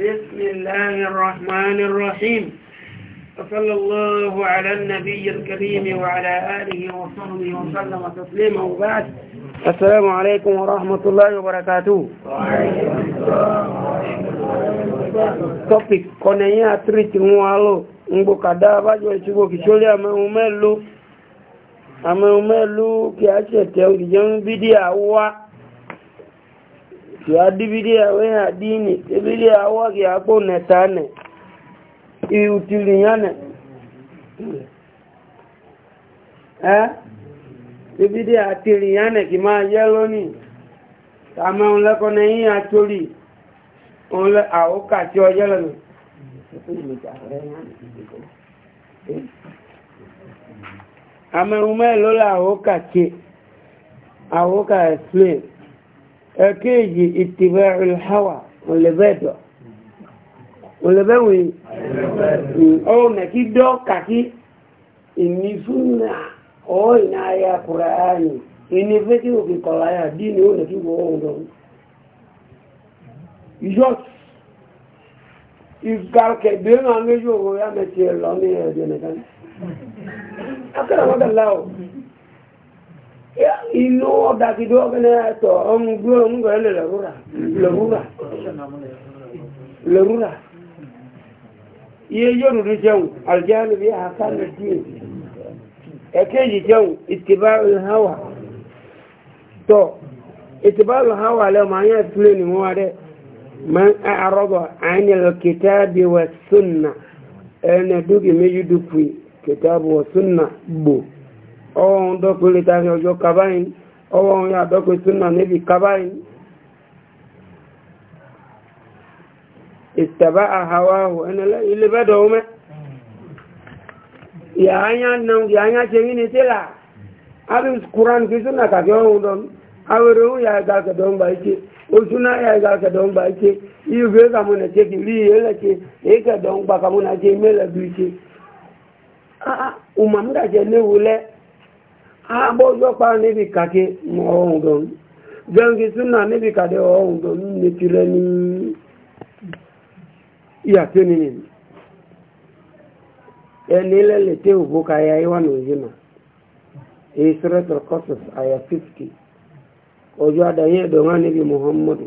بسم الله الرحمن الرحيم وصلى الله على النبي الكريم وعلى آله وصحبه وسلم تسليما وبعد السلام عليكم ورحمة الله وبركاته topic kọ̀nẹ̀yìn àtírìtì wọn alò ń gbò kàdá abájọ ìṣúgbò kìṣólé àmẹ́hùn mẹ́lú kí a ṣẹ̀tẹ̀ òdìjẹ́ ń bídí àwọ́wá ya dibidia wea dini dibidia awagi hapo netane iutiliane eh dibidia atiliane kima yeloni kama unleko na hii atoli unle aoka sio yeloni ama ume lola aoka ke aoka explain ẹ̀kẹ́yì ìtìbẹ̀ ìlhàwà olùbẹ́dọ̀ olùbẹ́wì ọwọ́ mẹ́kí dọ́ kàkí ìmísúnà ọ̀ ìná ayé akùrẹ́ ààyè ìní fẹ́ tí òkè kọ̀lá yà dí ni ó lè fi wọ́n ọ̀dọ̀ yọ́t ìgbàkẹ̀ bí ó náà lójú òwò yá mẹ́tì ẹ̀ lọ ní ẹ̀dẹ̀ ìlú ọ̀dàkìdó ọ̀gẹ́lẹ́ ẹ̀tọ̀ ọmọ gbé ọmọ gbẹ̀rẹ̀ lẹ̀rúra lẹ̀rúra lẹ̀rúra iye yóò rúrú jẹun àrùjáàlù bí àkàlù díẹ̀ ẹ̀kẹ́jì jẹun ìtìbá ìhàwà tọ́ ìtìbá ìhàwà lẹ́ ma yẹ́ fílẹ̀ ní wọ́n rẹ̀ ma ń àrọ́bọ̀ àìnílò kìtàbí wà súnà ẹ̀ẹ́nà dúkì méjì dúkì kìtàbí wà súnà gbòó ọwọ́ ohun dọ́pẹ́ lè tàbí ọjọ́ kàbáyìn ọwọ́ ohun yà dọ́pẹ́ súnà níbi kàbáyìn ìtàbá àhàwáhù ẹnẹlẹ́ ilé bẹ́dọ̀ ọmọ ìyàányá ṣe rí ní tílà abin kuran fi súnà kàfí ọ̀hún dọ́n awere ohun yà ẹ̀gá kẹ̀dọ̀ ike ike agbọ́jọ́pá níbi kàkí ọ̀hún gan jẹ́ǹkì níbi kàdé ọ̀hún gan ní tirẹ̀ ní ìyàtí nìyí ẹni lẹ́lẹ̀ tí ka ya ịwa nìyíma èyí sọ́rọ̀tọ̀ kọ́sọ̀s àyà 50 ọjọ́ àdáyé ẹ̀dọ̀wà n'ibi muhammadu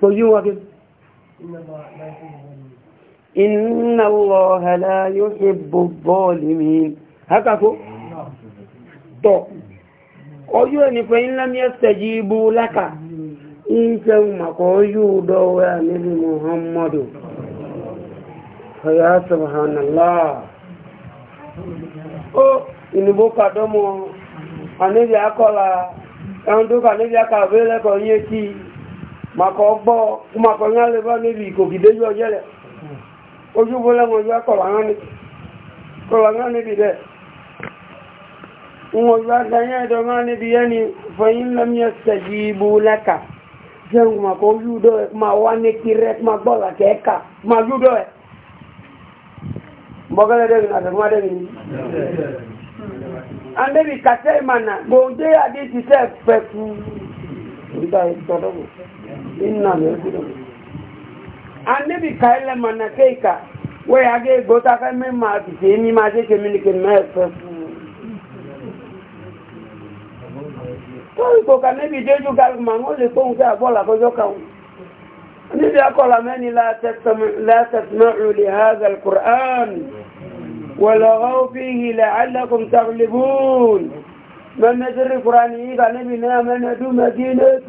فوجوا وكيف إن الله لا يحب الظالمين هكذا تو ojú ẹni pé ńlá ní ẹsẹ̀jì ibú lákà ìṣẹ́ ọjọọ ojú dọ́wọ́ àmìlì muhammadu ọ̀yá sọ̀hánàlá ó ìnìbó kàdọ́mọ̀ àníbi akọ́lá ẹ̀hùn tó kà níbi akàwé lẹ́kọ̀ọ́ yé kí i mako bo mako ngale ba ne biko kide yo yele o ju bo la mo ya ko lana ni ko lana ni bi de mo ya ga ya do ngani bi ya ni fa in lam yastajibu laka jeng mako ju do ma wane ki ret ma bo la ke ka ma ju do e mo ga le de na de ma de ni ande bi ka te mana go de adi ti se pe ku ita ita do inna me gudu annabi kaila manakeika we age gota ka me ma ti mi ma je kemi ni kemi fa to ko ka ne bi deju gal mango le ko nka bola ko joka annabi akola meni la tasma la tasma'u li hadha alquran ولغوا فيه لعلكم تغلبون من ندر القرآن إذا نبي نعم ندو مدينة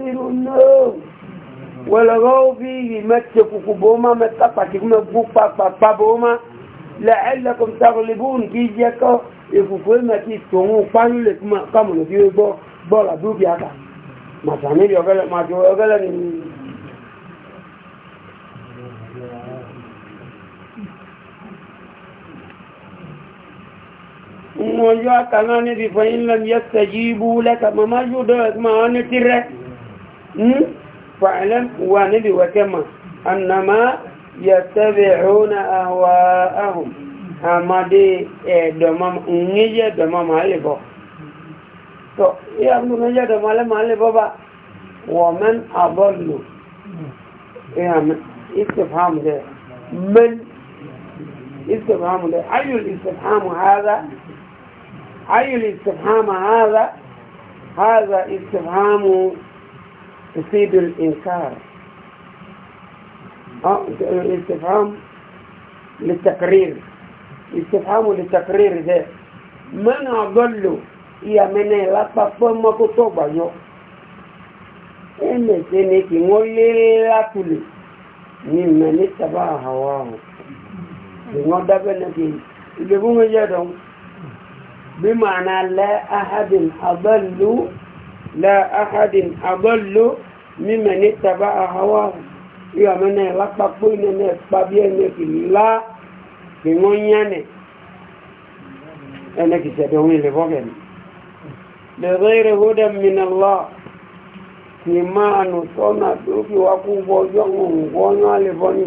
ولغوا فيه متكوا بوما متقتكم بوبا بابا بوما لعلكم تغلبون كيجيكو يفوفوا ما كيسكموا فانوا لكم كاملوا في بو بولا دوبي هذا ما تعمل يغلى ما يغلى wọ́n yọ́ àkàná níbi fẹ́yìn lẹ́m yẹ́ sẹ̀jí ibú lẹ́kàmọ́ máa yóò dọ́rẹ̀ tí máa wọ́n ní tí rẹ̀ فاعلم ونبي وكما أنما يتبعون أهواءهم أما دي إيه، دمام نجا دمام هالبو تو يا ابن نجا دمام هالبو با ومن أضل يا إيه، من استفهام ده من استفهام ده أي الاستفهام هذا أي الاستفهام هذا هذا استفهام تفيد الإنكار الاستفهام للتقرير استفهام للتقرير ذا من أضل يا من لا تفهم كتب يو إن سنك مولي لا تلي من اتبع هواه ìwọ́n dábẹ́ lẹ́kì ìgbẹ̀gbùn méjì ẹ̀dọ̀ bí màá لا أحد أضل ممن اتبع هواه يا من لا بقول من بابين في لا بمنيانه أنا كسبوني لبغن بغير هدى من الله كما نصنع دوكي وكو بوجون غونا لبني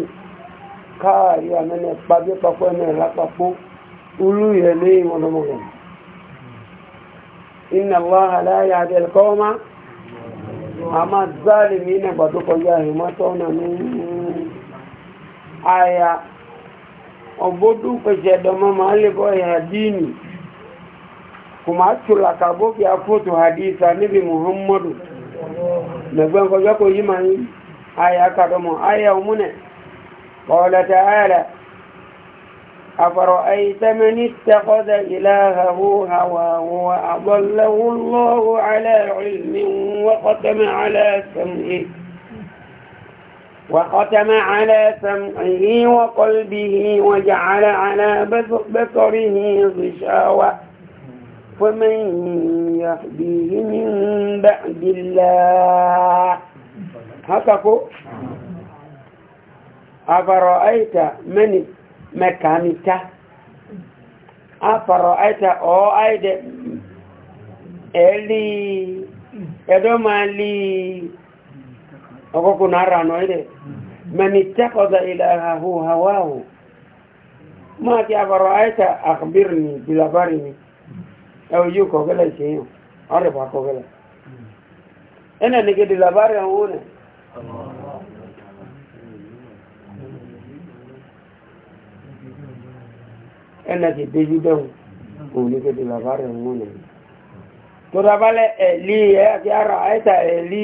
كار يا من بابين بقول من لا بقول ulu yele mo no mo inna allaha la yahdi alqawma ama zalimin ba to ko ya ma to na nu aya obodu ko je do ma male ko ya dini kuma tula ka bo ki afoto hadisa nabi muhammadu na gban ko yako yimani aya ka do mo aya umune qala ta'ala أفرأيت من اتخذ إلهه هواه وأضله الله على علم وختم على سمعه وختم على سمعه وقلبه وجعل على بصره غشاوة فمن يهديه من بعد الله هكذا أفرأيت من mẹkaníkà afọ̀rọ̀ àìta ọ́ àìdẹ̀ ẹ̀lì ẹ̀dọ́ máa lè ọkọ̀kọ̀ náà rà náà ẹ̀dẹ̀ mẹni tẹ́kọ̀ọ́dà ilẹ̀ àhú hawahu máa kí afọ̀rọ̀ àìta àkàbírì ní bilabari ni ẹ̀wọ̀ yóò kọ̀ọ̀kẹ́lẹ̀ ṣe ọ̀rẹ̀bà kọ̀ọ̀kẹ́lẹ̀ ẹnna ti débi dẹ́hùn òun ní kéde làbá rẹ̀ ń wọ́n nìyí tó dabalẹ̀ ẹ̀lí ẹ̀ àti ara àìta ẹ̀lí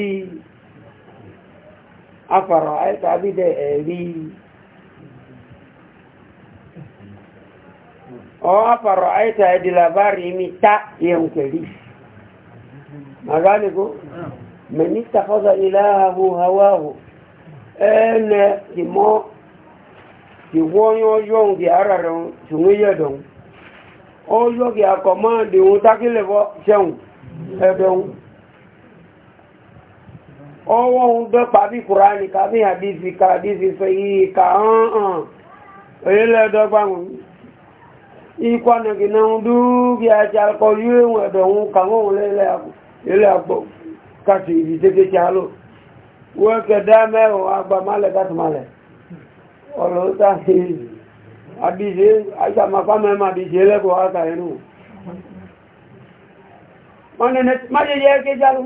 afàrọ̀ àìta bídẹ̀ ẹ̀lí ọ afàrọ̀ àìta ẹ̀dì làbá rẹ̀ mi ta yẹn kẹ̀lí magánìkó mẹ́ni tafọ́sọ ilé ahàhù hawahu ẹ̀ẹ́nẹ̀ ìmọ̀ ti wọ́n yọ́ ń gẹ ara rẹ̀ ṣùgbọ́n yẹ̀ dùn ó yọ́ gẹ akọ̀ máa ohun tákílẹ̀ bọ́ ṣẹ́hùn ẹ̀bẹ̀hùn ọwọ́ ohun dọ́pa bí kùránì kàbí àdísì kàdísì yìí hàn hàn ilẹ̀ ọ̀rọ̀ ó tàbí àbíṣe àìsàmàpá mẹ́mà àbíṣe lẹ́kọ̀ọ́ àkà ẹnu májèjì ẹ́kẹ́ jálù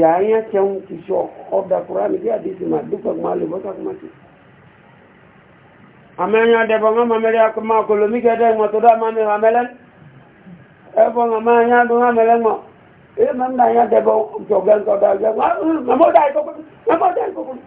yàáyẹ́ tẹun ti sọ ọ̀dà kùránì bí àdíṣe mà dúpọ̀gbọ́n alẹ́bọ́sàkùnmáṣe àmẹ́yìn adẹ́bọ̀n mẹ́rẹ́ akọmọ akọlọ́míkẹ́dẹ́ ìmọ̀tọ́dọ́ àmọ́mẹ́rẹ́ amẹ́lẹ́ ẹ̀bọ̀n àmẹ́yìn adùn amẹ́lẹ́mọ̀ èyí mẹ́mẹ́ àyàdẹ́bọ̀n jọ̀gẹ́ ń tọ́dọ̀ àjẹ́ mẹ́mọ́ dá ìkọkùnrin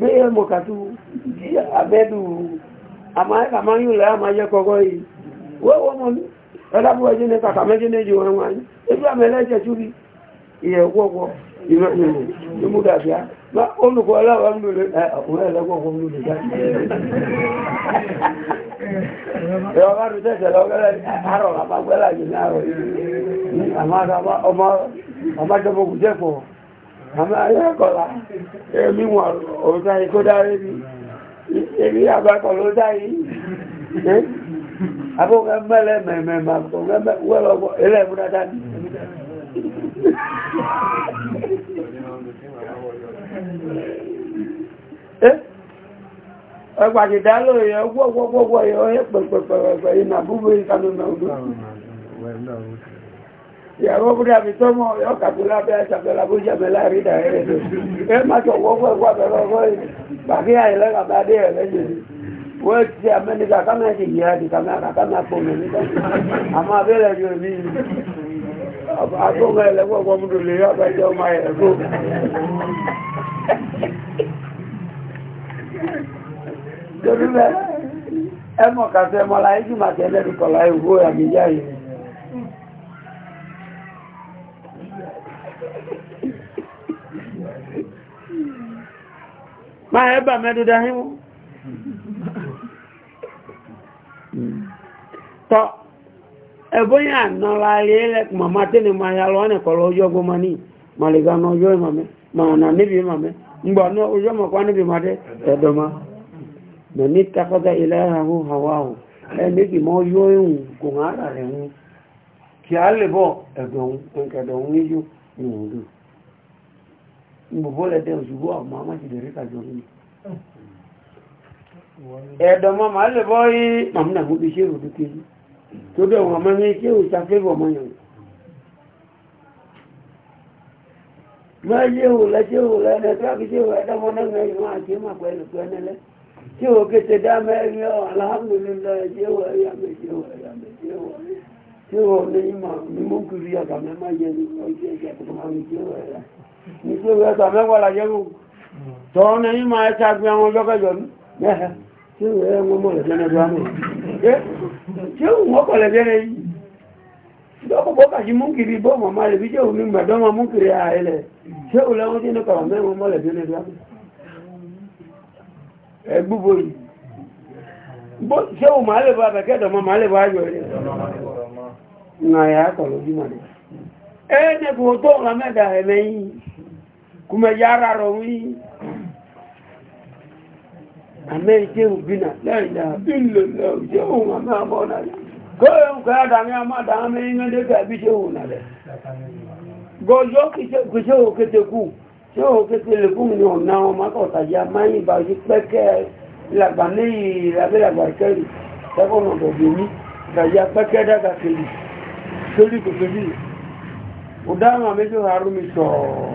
bẹ́ẹ̀ mọ̀kàtú abẹ́dù àmáyùnlẹ̀ àmáyẹ́ kọ́kọ́ yìí wọ́wọ́ mọ́ ní ẹ̀dàbúwẹ́ jẹ́ ní kàkà mẹ́jẹ́ méjì wọn wọ́n ní ebi àmẹ́lẹ́jẹ́ túbí ìyẹ̀wọ́wọ́ ìmúdàbíá olùkọ́ aláwọ̀ ń lò lè ẹ̀ọ̀rẹ́ àmà ayẹ́kọ̀lá èmi wọn òòtà ikó dáre bí èmi àbákọ̀ ló dáyé àbúkẹ́ mẹ́lẹ̀ mẹ́mẹ́ màkùnkẹ́ wẹ́lọ́gbọ́ ilẹ̀ mú dáadáa ní ẹgbàjì dálò yẹ gbọ́gbọ́gbọ́ yẹ pẹ̀pẹ̀pẹ̀pẹ̀ ìnàbúgbé ìtànà ọdún ìyàwó búrẹ́ àbítọ́mọ̀ ọkàtúlá bẹ́ẹ̀ ṣàfẹ́lá bó ṣàfẹ́lá rí dà ẹ̀rẹ́ tó ẹ má tọ̀ wọ́pọ̀ ẹ̀kọ́ àbẹ̀rẹ̀ ọgbọ́ yìí bàkí àìlẹ́ kàbá dé ẹ̀rẹ́ yìí wọ́n ti amẹ́nìkà kámẹ́ ti yìí àti kámẹ́ àkàkámẹ́ àpòmẹ́ nígbà àmọ́ abẹ́rẹ́ yóò ya àtúnmọ̀ ẹ̀lẹ́gbọ́ ọmọdé lè rí àbájọ́ ya máa ẹbà mẹ́dúdá hímú tọ́ ẹbóyìn ànára ilẹ̀ màmá tí ni máa yàlọ́ ọ́nà ya ọjọ́ gbọmọ ní màlìgá náà ọjọ́ ìmàmẹ́ màá nà níbi ìmàmẹ́ náà níbi mẹ́ ní takọ́ta ilẹ̀ ahù mbobole usubua mama kidereka joni edo mama ale boy mamna mubishe ruduki todo mama ngeke usafevo moyo maje ula je ula na trafi je ula da mona ngai ma ke ma kwele kwenele je o ke te da me yo alhamdulillah je ula ya me je ula ya me je ula je ula ni ma ni mo kuriya ka me ma je ni o je je ko ma ni je ula nítorí ẹ̀sà mẹ́wàá làjẹ́ wò tọ́ ní yí máa ẹ̀sà gbé àwọn ọjọ́ kẹjọ ní ẹ̀hẹ́ tí ó rẹ̀ wọ́n mọ̀ lẹ́jẹ́ lẹ́jọ́ àmì tí ó wọ́n kọ̀ lẹ́jẹ́ lẹ́ yìí lọ́pọ̀ bọ́kà sí mú kiri bọ́ màmá rẹ̀ kuma yara rauni àmẹ́ ìdí òbínà lẹ́yìnlá ìlòlò jẹ́ òun àmẹ́ àbọ́nà rẹ̀ kó yóò kọ́ àdàmí àmàdà àmẹ́ iná lẹ́gbẹ̀ àbí jẹ́ òun nà rẹ̀ gọjọ́ kìí òun kété kú tí òun kété lè fún mi ọ̀nà àwọn makọ̀tàjì amáyìnbá ojú pẹ́kẹ́ làgbà ní da kẹ́rì tẹ́kọ̀nà bọ̀bí mi gàjà pẹ́kẹ́ so kẹ́rì torí kò torí ọ̀daràn àmẹ́jọ́ àrùn mi sọ̀rọ̀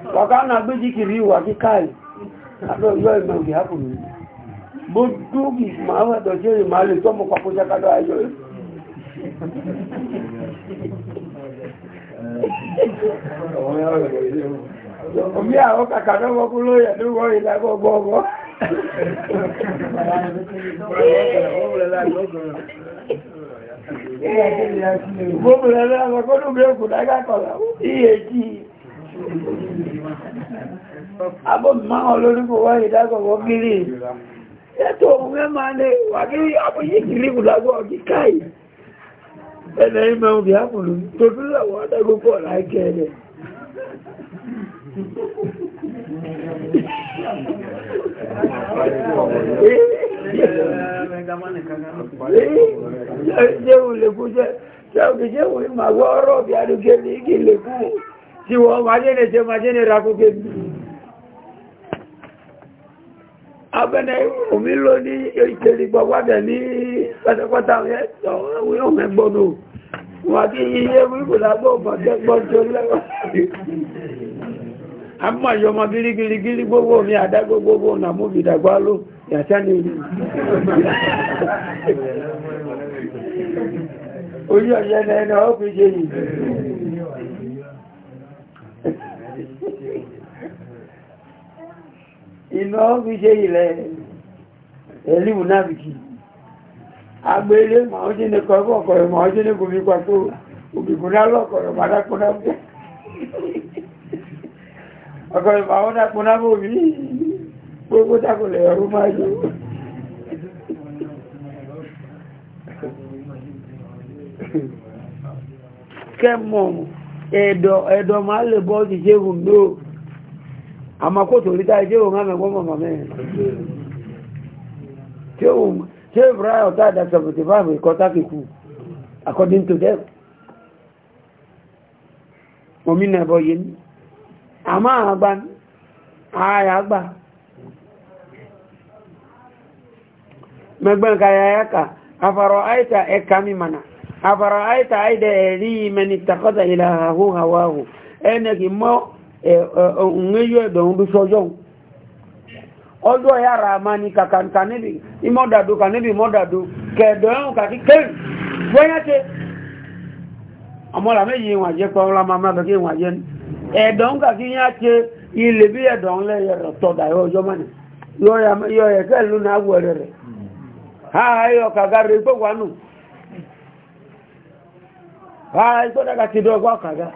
wàkánà gbéjìkìrí wà kí káàlì àtọ́jọ́ ìgbà òkè hapùnú gbogbo máa wà dọ̀jẹ́ rẹ̀ máa lè tọ́mọ̀ papọ̀ jákàtọ̀ ayọ́ rẹ̀ omi àwọn kàkàtọ̀ wọ́kú lóyẹ̀ tó wọ́n ìlàgbọ́ gbọ́gbọ́ Gbogbo ẹ̀rẹ́ àwọn akọ́lùgbé òkú lágàkọ̀lá, ìyèjì abọ́ máa olórí kò wáyé dágọ̀wọ́ gírí ẹ̀tọ́ ohun ẹ máa ní wàgírí àbúyí gírí ìgbùlágbọ́ ọdí káì ẹ̀nà ìmẹ̀ òbí ápùlù tó tún lọ́wọ́ adágún pọ̀ láìkẹ́ rẹ̀ Jẹ́ òun lè kú jẹ́, ṣe òbí jẹ́ òun ìmàgbọ́ ọ̀rọ̀ bí adúgẹ́ ní ìgì tí wọ́n májẹ́nẹ̀ jẹ májẹ́nẹ̀ rákúgbé abẹ́nẹ̀ omi ló ní ìtẹ̀lẹ̀ gbọ́gbádẹ̀ ní pátápátá ọmọgbọ́nù wọ́n kí iye wípùlágbọ́ ọ̀bọ̀gbọ́n Yàtẹ́ni orí ọ̀yẹ́ ẹni ọ̀pìnjẹ́ yìí. iná fi ṣe ilẹ̀ ẹ̀lú náàbìkì agbélé màá ṣe ní kọ́kọ́ ọ̀kọ̀rọ̀ màá ṣe ní gòmí pàtó òbìkún náà lọ́kọ̀rọ̀ màá dákun náà bẹ́ẹ̀ ọ̀kọ̀rọ̀ màá dákun náà bò mí gbogbo dákùnlẹ̀ ọ̀rọ̀ máa yọ kẹ́mọ̀ ẹ̀dọ̀ máa lè bọ́ ti ṣe gùn náà àmà kó torí táyé tí òun àmì gbọ́mọ̀ mọ̀mẹ́ tí òun tí ìbúráyà ọ̀tá àdá 75 ìkọta kìkú according to them òmìnà ẹ̀bọ̀ yìí ní àmà àgbà ààyà àgbà mẹ́gbẹ́ nǹkan ayáyá kà àfàrọ̀ àìta ẹ̀ka mímànà àfàrọ̀ àìta àìdẹ̀ ẹ̀rí mẹ́ni takọ́ta ìlà àhóhàwáhù ẹnẹ́gì mọ́ Eh, eh, eh, nwe yóò ẹ̀dọ̀ ń bí sọ́jọ́ ọjọ́ ya ra ma ni kàkàǹkà níbi ìmọ́dàdó kà níbi ìmọ́dàdó kẹ̀ẹ̀dọ̀ ẹ̀hùn kàkí kẹ́rì bóyá tẹ́ ọmọlà méjì jẹ́ pọ́ ọlá máa bẹ̀kẹ́ ìwọ̀n jẹ́ ẹ̀dọ̀ kàkí yá tẹ́ ilé bí ẹ̀dọ̀ lẹ́yẹ rẹ̀ tọ́dà ọjọ́ mọ́ni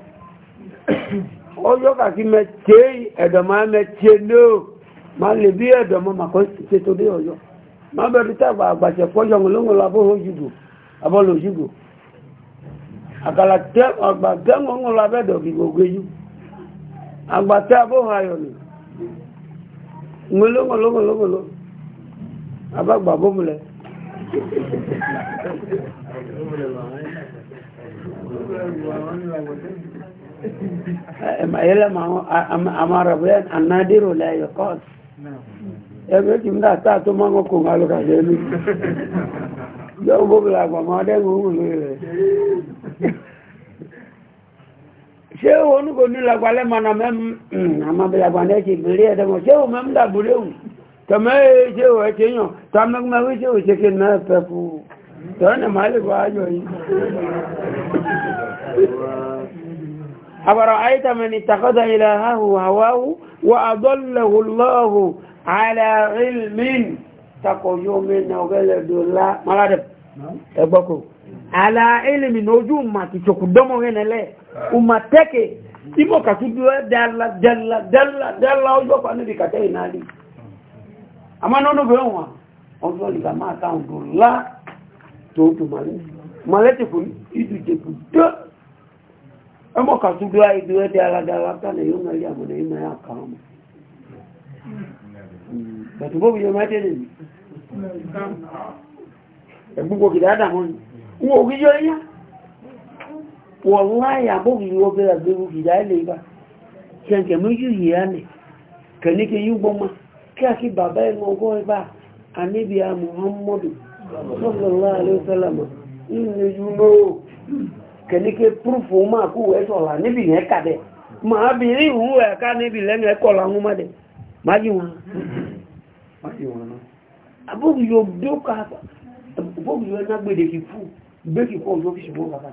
ọjọ́ kàkí mẹ́tẹ́ ẹ̀dọ̀mọ́ mẹ́tẹ́ lóò má lè bí ẹ̀dọ̀mọ́ mà kọ́ dé ọjọ́ má bẹ̀rù tàbà àgbàṣẹ pọ́jọ́ ńlọ́wọ́ labóhó jùgò abọ́lò jùgò gbogbo àgbà tẹ́ abóhó ayọ̀ abágbà Thank you. يلم أمر بلان النادر لا يقال ẹgbẹ́ kí n dá tá tó máa mọ́kò máa ló kàṣẹ ní yóò gbogbo àgbà máa dẹ́gbẹ̀ ohun lórí rẹ̀ ṣé o onúkò nílagbà lẹ́mọ̀nà mẹ́màbìlagbà náà ti bèèrè ẹ̀dẹ́mọ̀ ṣé o mẹ́m dàbúrẹ́ òun tọ́mẹ́ ṣé o ẹ̀ ṣe yàn tọ́mẹ́gbẹ́mẹ́ ṣé o ṣe kí n náà pẹ̀ fún tọ́rọ̀ أفرأيت من اتخذ إلهه هواه وأضله الله على علم تقول من وقال الله ما لدب ẹgbọ́kọ̀ ala ilimi n'ojú ma ti ṣokù dọ́mọ̀ ẹnẹlẹ́ ọmọ tẹ́kẹ̀ tí mọ̀ kàtú dúró dẹ́la dẹ́la dẹ́la dẹ́la ọjọ́ pa níbi kàtẹ́ ìnáàlì àmá nọ́nà bẹ̀rẹ̀ wọn ọjọ́ ìgbà máa káàkiri lá tó tó mọ̀lẹ́tẹ̀kù ìdùjẹ̀kù dọ́ ẹmọ kan tún dúró ibi wẹ́dẹ aládára tánà yóò mẹ́rin àmọ́dé yóò mẹ́rin àkàrà mọ́ bẹ̀tù bó bìí lè ní kìdá àdàmọ́ ni wọ́n ò gíjọ yá wọ́n láyà bó bìí wọ́n fẹ́ àgbẹ̀rù kìdá ilẹ̀ ibà ṣẹ̀ǹkẹ̀ méjì yìí á nì kẹ̀níkẹ́ yín gbọ́mọ kí àkí bàbá ẹ̀ kẹ̀líkẹ́ púrúfù máa kú ẹ̀sọ̀lá níbi yẹn kàdẹ̀ máa bí rí ìwú ẹ̀ká níbi lẹ́nu ẹ̀kọ́ làwọn mọ́dẹ̀ máa yí wọn abóbi yóò dókà abóbi yóò ná gbèdéke fú gbèkì kọ́ ọjọ́ fi ṣùgbọ́n bàbá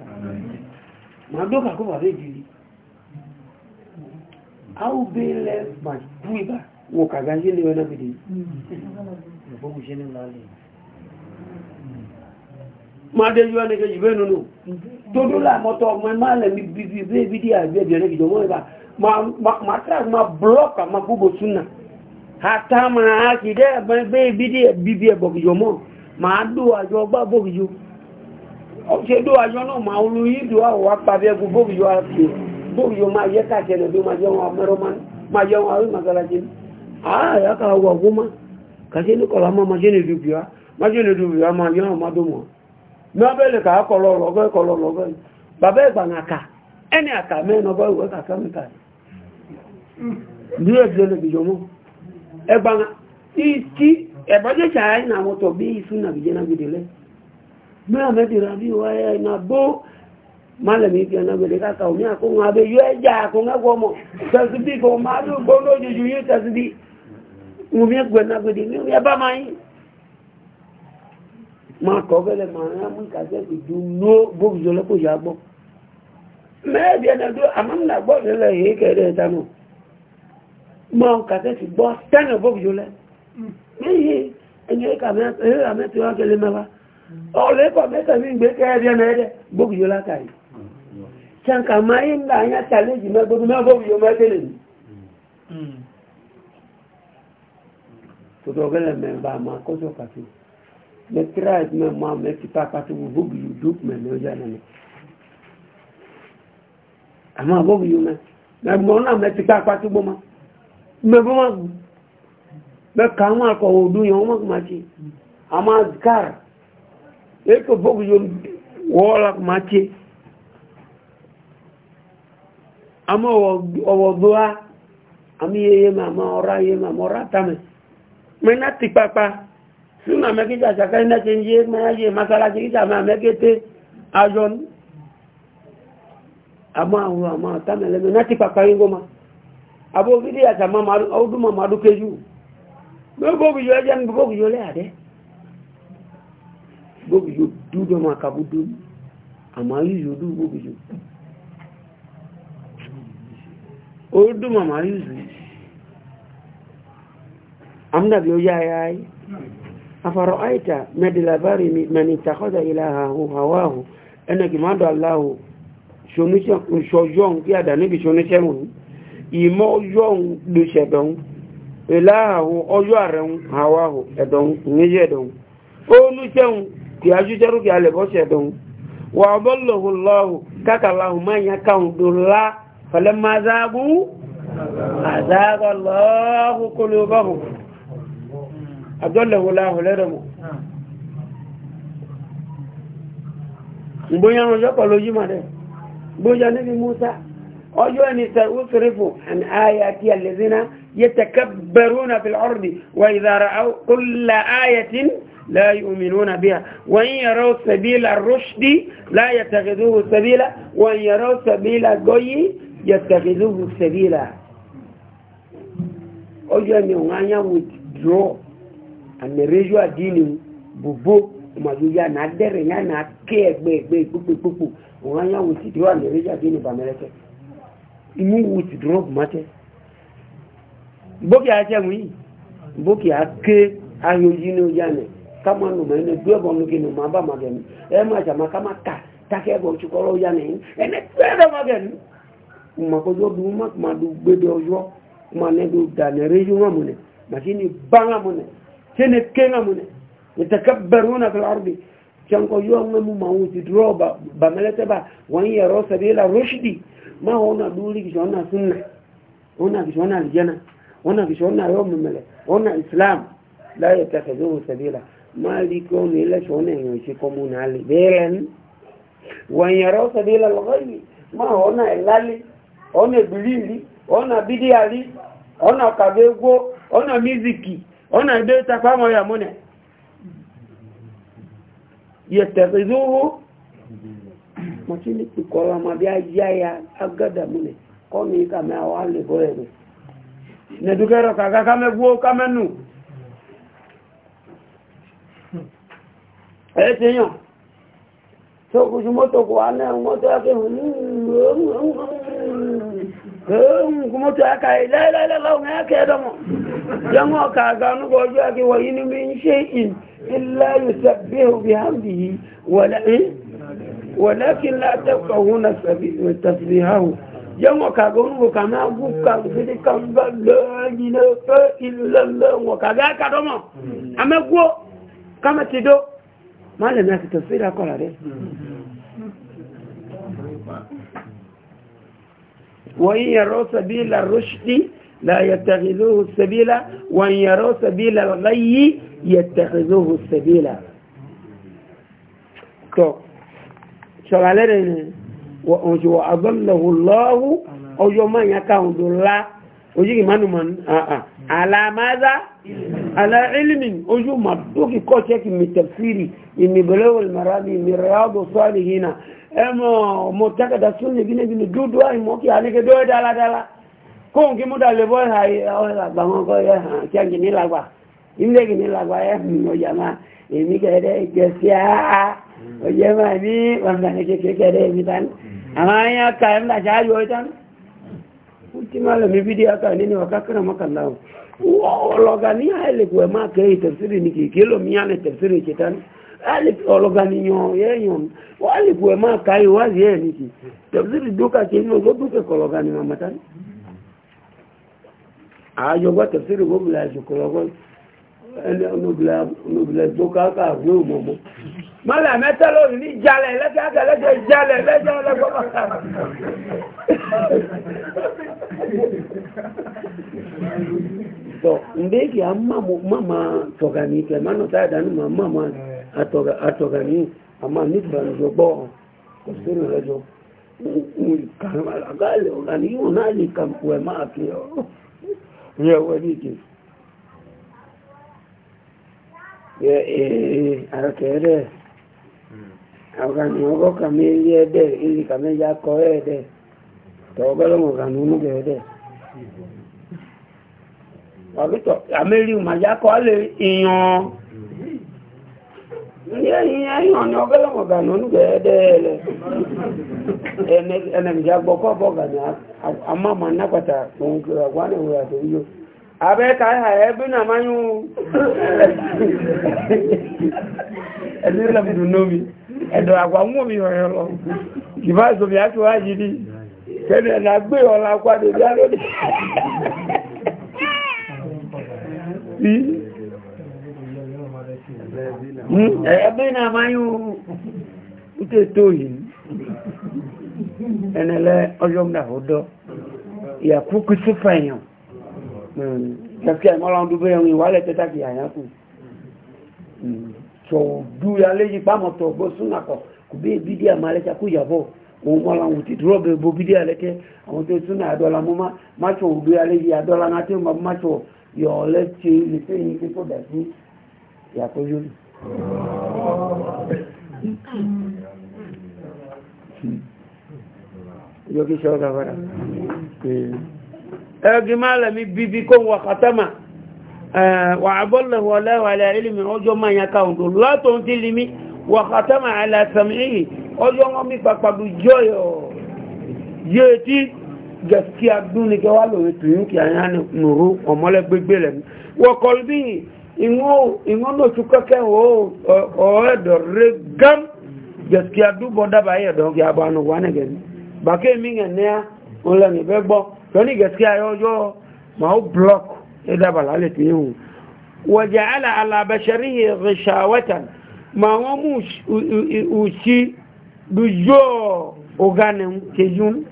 máa dókà kó bàbá ìjìlí áwù bí lẹ́ máa kú ibà wọ kàgá sílé ọ̀nà gbèdéke máde yọ ẹni kejì bẹ́ẹ̀ nínú tó dúlà mọ́tọ́ ọmọ ẹmá lẹ́mí bíbí bíbí dí àgbẹ̀ ẹ̀bí ẹ̀rẹ́ ìjọmọ́ ẹ̀bá máa tíra máa búlọ́ọ̀kì àmà gbogbo súnà àtà máa kì dẹ́ ẹ̀bọ̀n gbé bíbí bíbí ẹ̀bọ̀kìjọmọ́ máa dó àjọ gbá bókìjọ ṣe dó àjọ náà máa olú yìí dùn àwọ̀ wá pàbẹ́ ẹ̀kú bókìjọ àti bókìjọ máa yẹ káàkiri ẹ̀dọ́ máa yẹ wọn amẹ́rọ máa yẹ wọn àwọn màgàlàjì àyàkà wà wọ́n máa kàṣẹ́ ní kọ̀ọ̀lá máa máa ṣe ní dùbìá máa ṣe ní dùbìá máa yẹ wọn máa dùn wọn nọ́bẹ̀lì kà á kọlọ lọ́gọ́ ìkọlọ lọ́gọ́ yìí bàbá ìgbànàkà ẹni àkà mẹ́rin ọgbọ́ ìwé kàkà mẹ́ta ní ẹ̀bí olùbìjọ mọ́ ẹgbàna ìtí ẹ̀bọ́jẹ́ ṣàáyí na mọ́tọ̀ bí ìsún nà bìjẹ́ nágbèdélẹ́ mẹ́rin mẹ́tìrà bí wáyé iná bó málẹ̀mí fi ẹnagbèdè kàkà òní àkóhun abẹ yọ ẹjà àkóhun ọmọ tẹ̀síbí kò máa ló gbọ́ lójoojú yóò tẹ̀síbí ma kọ́ bẹ́lẹ̀ máa rán mú ìkàsẹ́kì ju ló bóòjọ lẹ́kọ̀ọ́ yà gbọ́ mẹ́ẹ̀bí ẹ̀dẹ̀dọ́ àmọ́mìnà gbọ́ nílẹ̀ yìí kẹ́ẹ̀dẹ̀ ẹ̀ta náà máa ń kàsẹ́kì gbọ́ tẹ́nà bóòjọ lẹ́ méyì ẹ̀yìn hmm. ẹ̀yà mẹ́tọ́ wá kẹlẹ́ mẹ́wàá ọ̀lẹ́kọ̀ mẹ́tọ̀ ní ìgbé kẹ́ẹ̀dẹ̀ ẹ̀dẹ̀ bóòjọ lákàrí kọ́sọ̀ kàfíì mɛ kira mɛ mɔ mɛ tipa pati wo bo bi du mɛ mɛ o jana mɛ ama bo bi mɛ mɛ mɔ na mɛ tipa pati bo ma mɛ bo ma mɛ kan ma kɔ o dun yɛn o ma kuma ti ama kar e ko bo bi wɔɔla kuma ti ama ɔwɔ doa ami yeye ma ama ɔra yeye ma ama ɔra ta mɛ mɛ na tipa pa súnà mẹ́kíjà ṣàkárí náà ṣe ń yé mẹ́ráyé masáláṣí kíjà máa mẹ́kété ajọ́ ní àmọ́ àwọn àmọ́ àtàmẹ́lẹ́mẹ́ náà ti pàpàrí gómà abó fídí àtàmọ́ ọdúnmọ̀ máa dúké jù gbogbo ẹjẹ́ ní gbogbo yóò lẹ́yàdẹ́ gbogbo yóò dúdú ọmọ àkàbù dúdú àmọ́ yíyó dúdú gbogbo yóò ọdúnmọ̀ àmúdàbí ó yá ayá afara'aita medilabari mani takoda ilaha hawahu ẹnna kì máa dọ̀ aláwò ṣoyọ́n kí àdá níbi ṣoníṣẹ́mù ìmọ̀ ọyọ́n ló ṣẹ̀dọ̀n ìláhàwò ọyọ́ àrẹ̀un hawahu ẹ̀dọ̀n níyẹ̀ ẹ̀dọ̀n olùṣẹ́hùn kì ajúṣẹ́rú kì alẹ̀bọ́ ṣẹ̀dọ̀n wà ọbọ̀lọ̀hùn lọ́hùn kákàláhùn máa yàn káhùn dòlá fẹlẹ́ máa zágún àzágọ́ lọ́hùn kólú bọ́hùn adọ́lẹ̀wò láàrùn lẹ́rẹ̀mọ̀ ìgbóyà ránṣọ́ pẹ̀lú ojúmọ̀ rẹ̀ gbóyà níbi musa ọjọ́ ẹni sàúsìrìfò àmì ayà tí alẹ́zina yẹ tẹ̀kẹ́bẹ̀rún na fi ọ̀rọ̀dì wà ìzára kúlà ayatin لا يؤمنون بها وإن يروا سبيل الرشد لا يتخذوه سبيلا وإن يروا سبيل الغي يتخذوه سبيلا أجل يوم أن withdraw amerejo adini bubu majuya na dere nya na ke egbe egbe pupu pupu won ya wuti do amerejo adini ba meleke imu wuti drop mate boki aje mu yi boki ake ayo yinu yane kama no me ne do bo nuki no maba magen e ma jama kama ka take bo chukoro yane ene tere magen umakojo duma kuma du gbede ojo kuma ne du da ne rejo mamune lakini banga mune tene kenga mune yatakabbaruna fil ardi chanko yuanga mu mauti droba bamelete ba wanya rosa bila rushdi ma hona duli kishona sunna ona kishona aljana ona kishona yo mumele ona islam la yatakhazuhu sabila maliko nila shona yoshi komunali belen wanya rosa bila lghaybi ma hona elali ona bilili ona bidiali ona kavego ona miziki ona ide takamo ya mune yattakhidhuhu machini kukola mabia yaya agada mune komi kama awale boyebe ne dugero kaga kame guo kame nu ete yo so kujumoto kuane umoto yake kumoto yake la la la la ngake domo jẹ́mọ́ kàgà ọ̀nùgbò ọjọ́ àti wọ̀nyí ni mi ń ṣe ìn ilẹ̀ yóò bí òbí hàmì yìí wọ̀lẹ́kí látẹ́kọ̀ òun na tàbí hàù jẹ́mọ́ kàgà ọ̀nùgbò kàmí àgbù kàmí kàmbá lọ́yìn fẹ́ ilẹ̀ lọ́wọ́ kàgà kàdọ́mọ̀ amẹ́gbó kàmẹ́tìdó má wọ́n yẹ̀rọ sàbí ìlà rọ́ṣdì لا يتخذوه السبيل وان يروا سبيل الغي يتخذوه السبيل تو شغالين وانجو اضله الله او يوم يكون دولا ojígi manumanu alamaza ala ilmin ojú ma dókì kọ́ ṣẹ́kì mìtẹ̀fìrì ìmìbẹ̀lẹ́wò ìmọ̀rábì ìmìrìyàwó sọ́ọ̀lì hìna ẹmọ̀ mọ̀ tákàtà súnlẹ̀ gínẹ́gínẹ́ dúdú àìmọ́kì anẹ́gẹ́dọ́ dáradára fóun kí múdà lè bọ́ ìhà ọ̀làgbà wọn kọ́ yẹ hàn kí ẹ̀jì nílàgbà ilé ìgbì nílàgbà yẹ hàn ọjà máa èmi kẹ́ẹ̀dẹ́ ìgbẹ̀sí àá ọjẹ́ hmm. máa ní ọ̀nà kékeré kẹ́ẹ̀dẹ́ èmi tán hmm. àmọ́ ayé ọkà ẹ̀ ńlá ṣáájú ọjà ó ti máa lọ́mí fídíò ọkà nínú ọkà kẹrẹ mọ́kànlá ọlọ́gà ní àìlèkù ẹ̀ máa kẹ́ ìtẹ̀sírì ní kìkì lómi yá ní tẹ̀sírì ìṣẹ̀tán ọlọ́gà ní yan yẹ́yàn wọ́n àìlèkù ẹ̀ máa ká ìwádìí ẹ̀ nìkì hmm. tẹ̀sírì dókà kí inú ọgọ́ dókè kọlọ́gà ní màmá tán àájọgbọ́ tẹ̀sírì gómìnà ìṣùkọ̀lọ́gbọ́n onúbìlẹ̀ tó káàkà àgbé òmòmò mọ́là mẹ́ta lórí ní jalẹ̀ lẹ́gbẹ̀ẹ́ lẹ́gbẹ̀ẹ́ jalẹ̀ lẹ́gbẹ̀ẹ́ lẹ́gbẹ̀ẹ́ ndéèkì a máma tọ̀gàní ìkẹ̀ mánà táàdánù ma máma àtọ̀gàní àmà nípa ìjọgbọ́ kòsínú lẹ́jọ́ kàrìmàlà gáàlẹ̀ ọ̀gá ni yóò náà lè kàmpù ẹ̀ máa kí ọ́ ní ọwọ́ díje yẹ ee eh, àrọ̀kẹ́rẹ́ àwọ̀kànìyàn ọgọ́ kàmí ilé ẹ̀dẹ́ ilé kàmí ya kọ́ ẹ̀dẹ́ tọ́gbọ́lọ́mọ̀ kàmí inú ẹ̀dẹ́ wàbítọ̀ àmẹ́rí màjá kọ́ lè ìyàn yẹ́yìn ọ̀nà ọgọ́lọ́mọ̀gànà onúgbẹ̀ẹ́dẹ́ẹ̀lẹ̀ ẹnẹ̀mìjà gbọ́kọ́ bọ́gànà àmàmà nápàtà òun kìrọ̀ wọ́n ni wùrà tó yíò abẹ́ka ẹ̀ẹ́bí náà yún ẹ̀yẹ́ hmm? eh, bí náà máa yún ìtẹ́ tó yìí ẹnẹ̀lẹ́ ọjọ́mdà ọdọ́ ìyàkúkú sí fẹ̀yàn hmm. kẹfẹ́ ìmọ́lá ọdún bẹ́ẹ̀ rìn wálẹ̀ tẹ́tà kì àyàkù hmm. tọ̀ọ̀dú alẹ́yìn pàmọ̀tọ̀ gbọ́ súnàkọ̀ kò bí i bídí àmà alẹ́ta kú ìyàbọ̀ òun mọ́lá òun ti dúró bẹ̀rẹ̀ bó bídí alẹ́tẹ́ àwọn tó súnà àdọ́la mọ́ má tọ̀ òdú alẹ́yìn àdọ́la náà tí ó má tọ̀ yọ̀ọ́lẹ́ tí ó lè fẹ́ yín kí tó dà sí ìyàkó yóò yogisha oga bara ẹgbẹ́ málàmí bíbí kó wà kàtàmà wà àbọ́lẹ̀wọ̀ aláwà alẹ́ ilimi ọjọ́ máa yà káwùndò látò ń tí limi wà kàtàmà alásàmìí ọjọ́ wọn mi pàpàdù jọyọ̀ yóò tí gẹ̀ẹ́sì agbúnikẹwà lòrètò yìí kí a yá nùrú ọmọlẹ́gbẹ́gbẹ́ lẹ́nu wọ́kọ̀lbíyìn ingo no chuka ke o o do regam gaskiya du boda ba ya don ya banu wane gen mi ngen ne ola ni bebo to ni gaskiya yo yo ma o block e da bala le ala basharihi ghishawatan ma wa mu ushi du jo ogane ke jun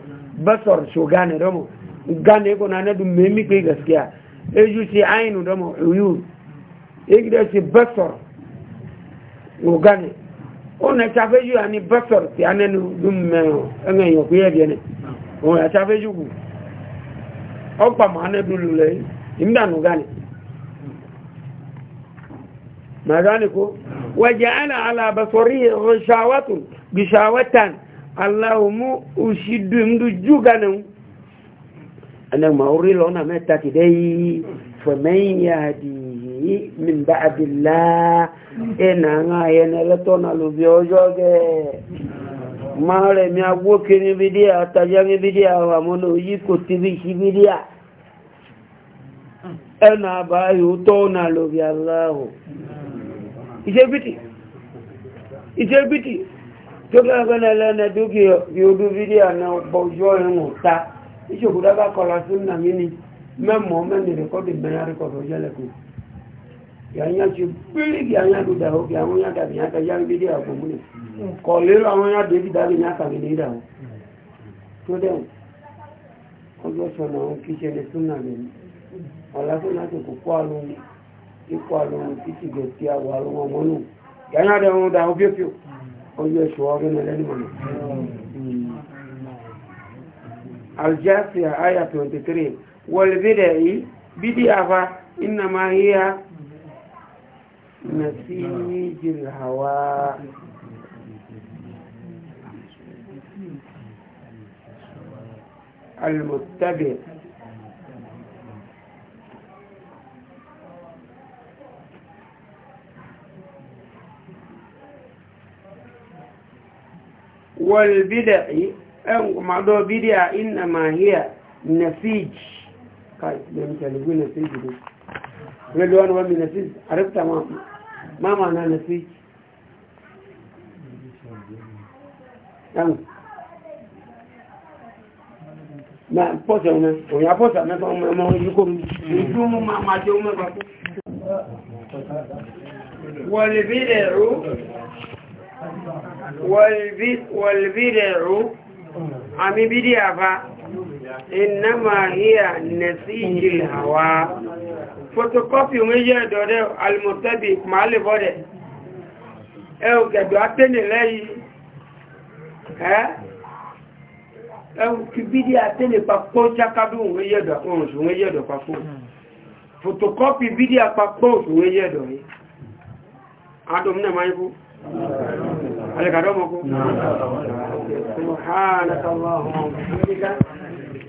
basar shugane na du memi ke eju si ainu domo uyu igida si basor ugani ona chafeju ani basor ti anenu dumme engen yo kuye biene ona chafeju ku opa mane dulule imdan ugani magani ko waja'ala ala basarihi ghishawatun bishawatan allahumma ushidu mdu juganu anan mauri lona meta kidai faman غيره من بعد الله إن أنا ينلتون لبيوجوك ما لم يقوكني بديا تجاني بديا ومنو يكتبش بديا أنا بايوتون لبي الله إيجي بيتي إيجي بيتي tókẹ́ ọ̀gọ́nà lẹ́nà dúkì yóòdú fídíò náà bọ̀jọ́ ẹ̀wọ̀n ta ìṣòkúdá bá kọ̀lá sí nàmí ni mẹ́mọ̀ mẹ́rin rẹ̀kọ́dì mẹ́rin rẹ̀kọ́dì ọjọ́ lẹ́kùn yàyà ti bíríkì yàyà ló dà ó kí àwọn yàtà bí yàtà yàrá bí dé àpò múlẹ̀ kọ̀ àwọn yàtà bí dàbí yàtà bí ní ìdà tó dẹ̀ ọjọ́ sọ̀nà ó kí ṣẹlẹ̀ súnà lẹ́nu ọ̀làfẹ́ náà ti kò kó àlọ́ ikú àlọ́ títí gẹ̀ sí àwọ̀ wọn nù bí ọdún نسيج الهواء المتبع والبدع ما دو بدع إنما هي نسيج كاي لم تلقوا نسيج لو أنا نسيج عرفت تمام ما na نسيج ma pọ́sẹ̀ ọmọ òyìn apọ́sẹ̀ mẹ́fà ọmọ ọmọ ìlúkò mi ìjú mú ma máa jẹ ọmọ ẹgbàkú wọ̀lìbídẹ̀rú wọ̀lìbídẹ̀rú àmì bídí àbá ìnámà híà nẹ̀sí ìjìlẹ̀ photocopy onwe ihe edore almotebic ma alibore ẹ̀ọ̀gẹ̀dọ̀ atẹ́nìlẹ́ yìí ẹ̀ọ̀kìbídí atẹ́nì papọ̀ jákàdù onwe ihe ẹ̀dọ̀ papọ̀ hmm. photocopy bídí apapọ̀ onwe ihe ẹ̀dọ̀